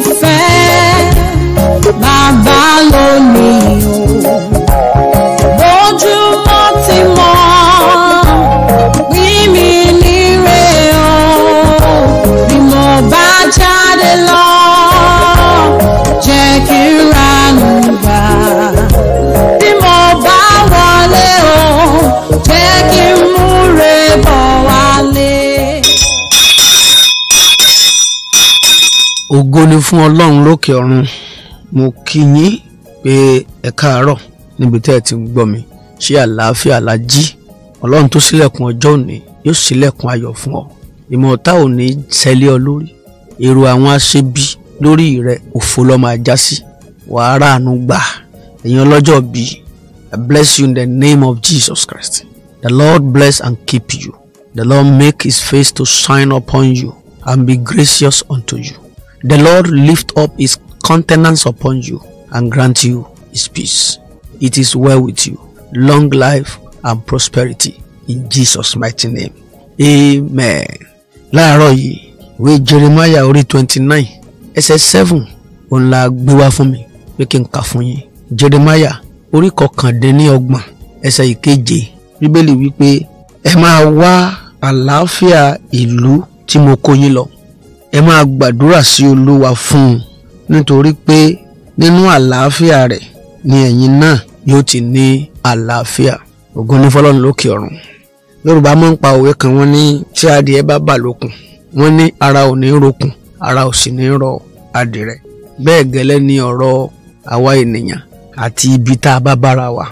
fé. Nada ògo ni fún ọlọ́run lókè ọ̀run mo kí yín pé ẹ káàárọ̀ níbi tẹ́ ẹ ti gbọ́ mi ṣé àlàáfíà la jí ọlọ́run tó ṣílẹ̀kùn ọjọ́ òní yóò ṣílẹ̀kùn ayọ̀ fún ọ ìmọ̀ ọ̀tá ò ní ọ lórí èrò àwọn aṣebi lórí rẹ òfo ló máa já sí wàá ráàánú gbà ẹ̀yin ọlọ́jọ́ bí I bless you in the name of Jesus Christ the Lord bless and keep you the Lord make his face to shine upon you and be gracious unto you The Lord lift up his countenance upon you and grant you his peace. It is well with you. Long life and prosperity in Jesus' mighty name. Amen. Láàárọ̀ yìí, ìwé Jeremiah orí twenty nine ẹsẹ̀ seven òun la gbé wá fún mi pé kí n kà fún yín. Jeremiah orí kọkàndínlọ́gbọ̀n ẹsẹ̀ ìkeje Bíbélì wípé ẹ máa wá àlàáfíà ìlú tí mo kó yín lọ ẹ máa gbàdúrà sí olúwa fún un nítorí pé nínú àlàáfíà rẹ̀ ni ẹ̀yin náà yóò ti ní àlàáfíà ògo ní fọlọ́run lókè ọ̀run yorùbá máa ń pa òwe kan wọ́n ní tí adìẹ bá bà lókun wọ́n ní ara ò ní rokun ara ò sì ní rọ adìrẹ bẹ́ẹ̀ gẹ́lẹ́ ni ọ̀rọ̀ àwa ènìyàn àti ibi tá a bá bára wa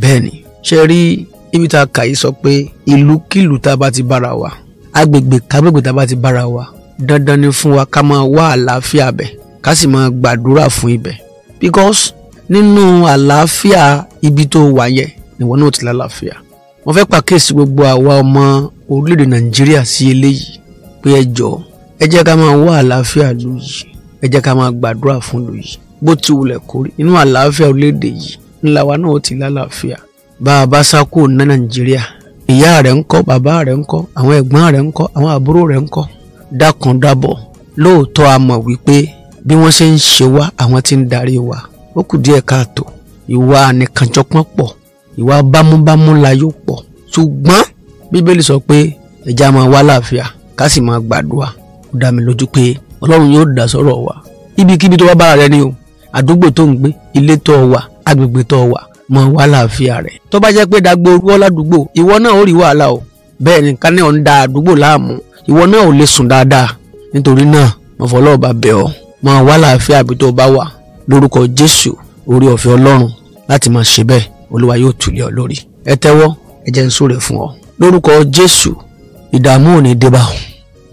bẹ́ẹ̀ ni ṣe rí ibi tá a kà yìí sọ pé ìlúkìlù tá a bá ti bára wa agbègbè kágbègbè tá a bá ti bára wa dandan ni fún wa ká máa wá àlàáfíà bẹ̀ ká sì máa gbàdúrà fún ibẹ̀ because nínú àlàáfíà ibi tó wà yẹ ìwọ náà ti lálàáfíà mo fẹ́ pàkíyèsí gbogbo àwa ọmọ orílẹ̀-èdè nàìjíríà sí eléyìí pé ẹ jọ ẹ jẹ́ ká máa wá àlàáfíà lù yìí ẹ jẹ́ ká máa gbàdúrà fún lù yìí bó ti wulẹ̀ kórí inú àlàáfíà orílẹ̀-èdè yìí ńlá wa náà ti lálàáfíà bá a bá sá kúrò ní nàìjíríà ìyá rẹ̀ ńkọ́ bàbá rẹ̀ ńkọ́ àwọn ẹ̀gbọ́n rẹ̀ ńkọ́ àwọn àbúrò rẹ̀ ńkọ́ dákun dábọ̀ lóòótọ́ a mọ̀ wípé bí wọ́n ṣe ń ṣe wá àwọn tí ń darí wa ó kù díẹ̀ káàtó ìwà nìkànjọpọ́n pọ̀ ìwà bámúbámú la yóò pọ̀ ṣùgbọ́n bíbélì sọ pé ẹja máa wá láàfíà ká sì máa gbàdúrà ó dá mi lójú pé ọlọ́run yóò dá sọ́rọ̀ wa ibikíbi tó bá bára rẹ ni o àdúgbò tó ń gbé ilé tó wà agbègbè tó wà mọ wá láàfíà rẹ tó bá jẹ́ pé dàgbò orúkọ ìwọ náà ó rí wàhálà o bẹ́ẹ̀ ni ká ń da àdúgbò láàmú ìwọ náà ò lè sùn dáadáa nítorí náà mo fọlọ́ọ̀bà bẹ̀ ọ́ máa wá láàfin àbí tó o bá wà lórúkọ Jésù orí ọ̀fẹ́ Ọlọ́run láti máa ṣe bẹ́ẹ̀ Olúwa yóò tulẹ̀ ọ lórí ẹ tẹ́wọ́ ẹ jẹ́ n súre fún ọ lórúkọ Jésù ìdààmú ò ní débà ọ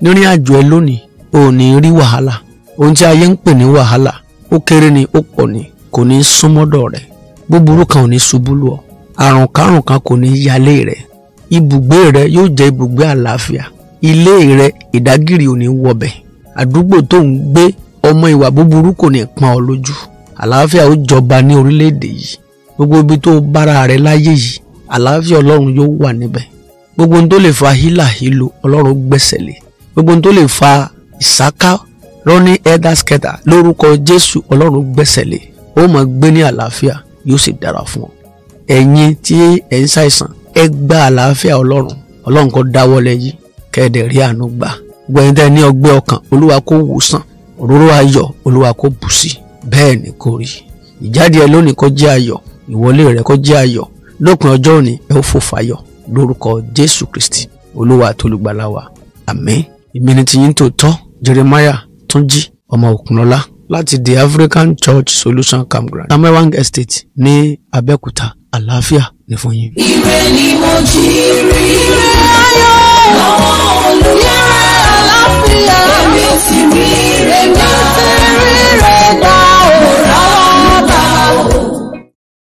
nírìn àjò ẹ lónìí ò ní rí wàhálà ohun tí ayé ń pè ní wàhálà ó kéré ni ó pọ̀ ni kò ní súnmọ́dọ̀ rẹ búburú kan ò ní ṣubú lù ọ àrùn kárùn kan kò ní yálé rẹ ibùgbé rẹ yóò jẹ ibùgbé àlàáfíà ilé rẹ ìdágìrì ò ní wọbẹ̀ àdúgbò tó ń gbé ọmọ ìwà búburú kò ní pọ́n ọ lójú àlàáfíà ó jọba ní orílẹ̀-èdè yìí gbogbo ibi tó bára rẹ láyé yìí àlàáfíà ọlọ́run yóò wà níbẹ̀ gbogbo ohun tó lè fa hílà hílo ọlọ́run gbẹ̀sẹ̀ lé gbogbo ohun tó lè fa ìsáká rọ́ní ẹ̀dáskẹ́tà lórúkọ jésù ọlọ́run gbẹ̀sẹ̀ lé ó máa gbé ní àlàáfíà yóò sì dára fún ọ ẹ̀yin tí ẹ̀ ń ṣàìsàn ẹ gba àlàáfíà ọlọ́run ọlọ́run kó dáwọ́lé yìí kẹ́ẹ̀dẹ̀ rí àánú gbà gbẹ̀yìn tẹ́ ní ọgbẹ́ ọkàn olúwa kó wò sàn òróró ayọ̀ olúwa kó bù sí bẹ́ẹ̀ ni kò rí ìjáde ẹ lónìí kó jẹ́ ayọ̀ ìwọlé rẹ kó jẹ́ ayọ̀ lópin ọjọ́ òní ẹ ó fò fàyọ̀ lórúkọ jésù kristi olúwa àtolùgbàlà wa àmín èmi ni tiyín tòótọ́ jeremiah túnjí ọmọ òkunlọ́lá láti the african church solution campground samewang estate ní abẹ́òkúta àlàáfíà ní fún yín. ire ni mo jí rí ire ayọ̀.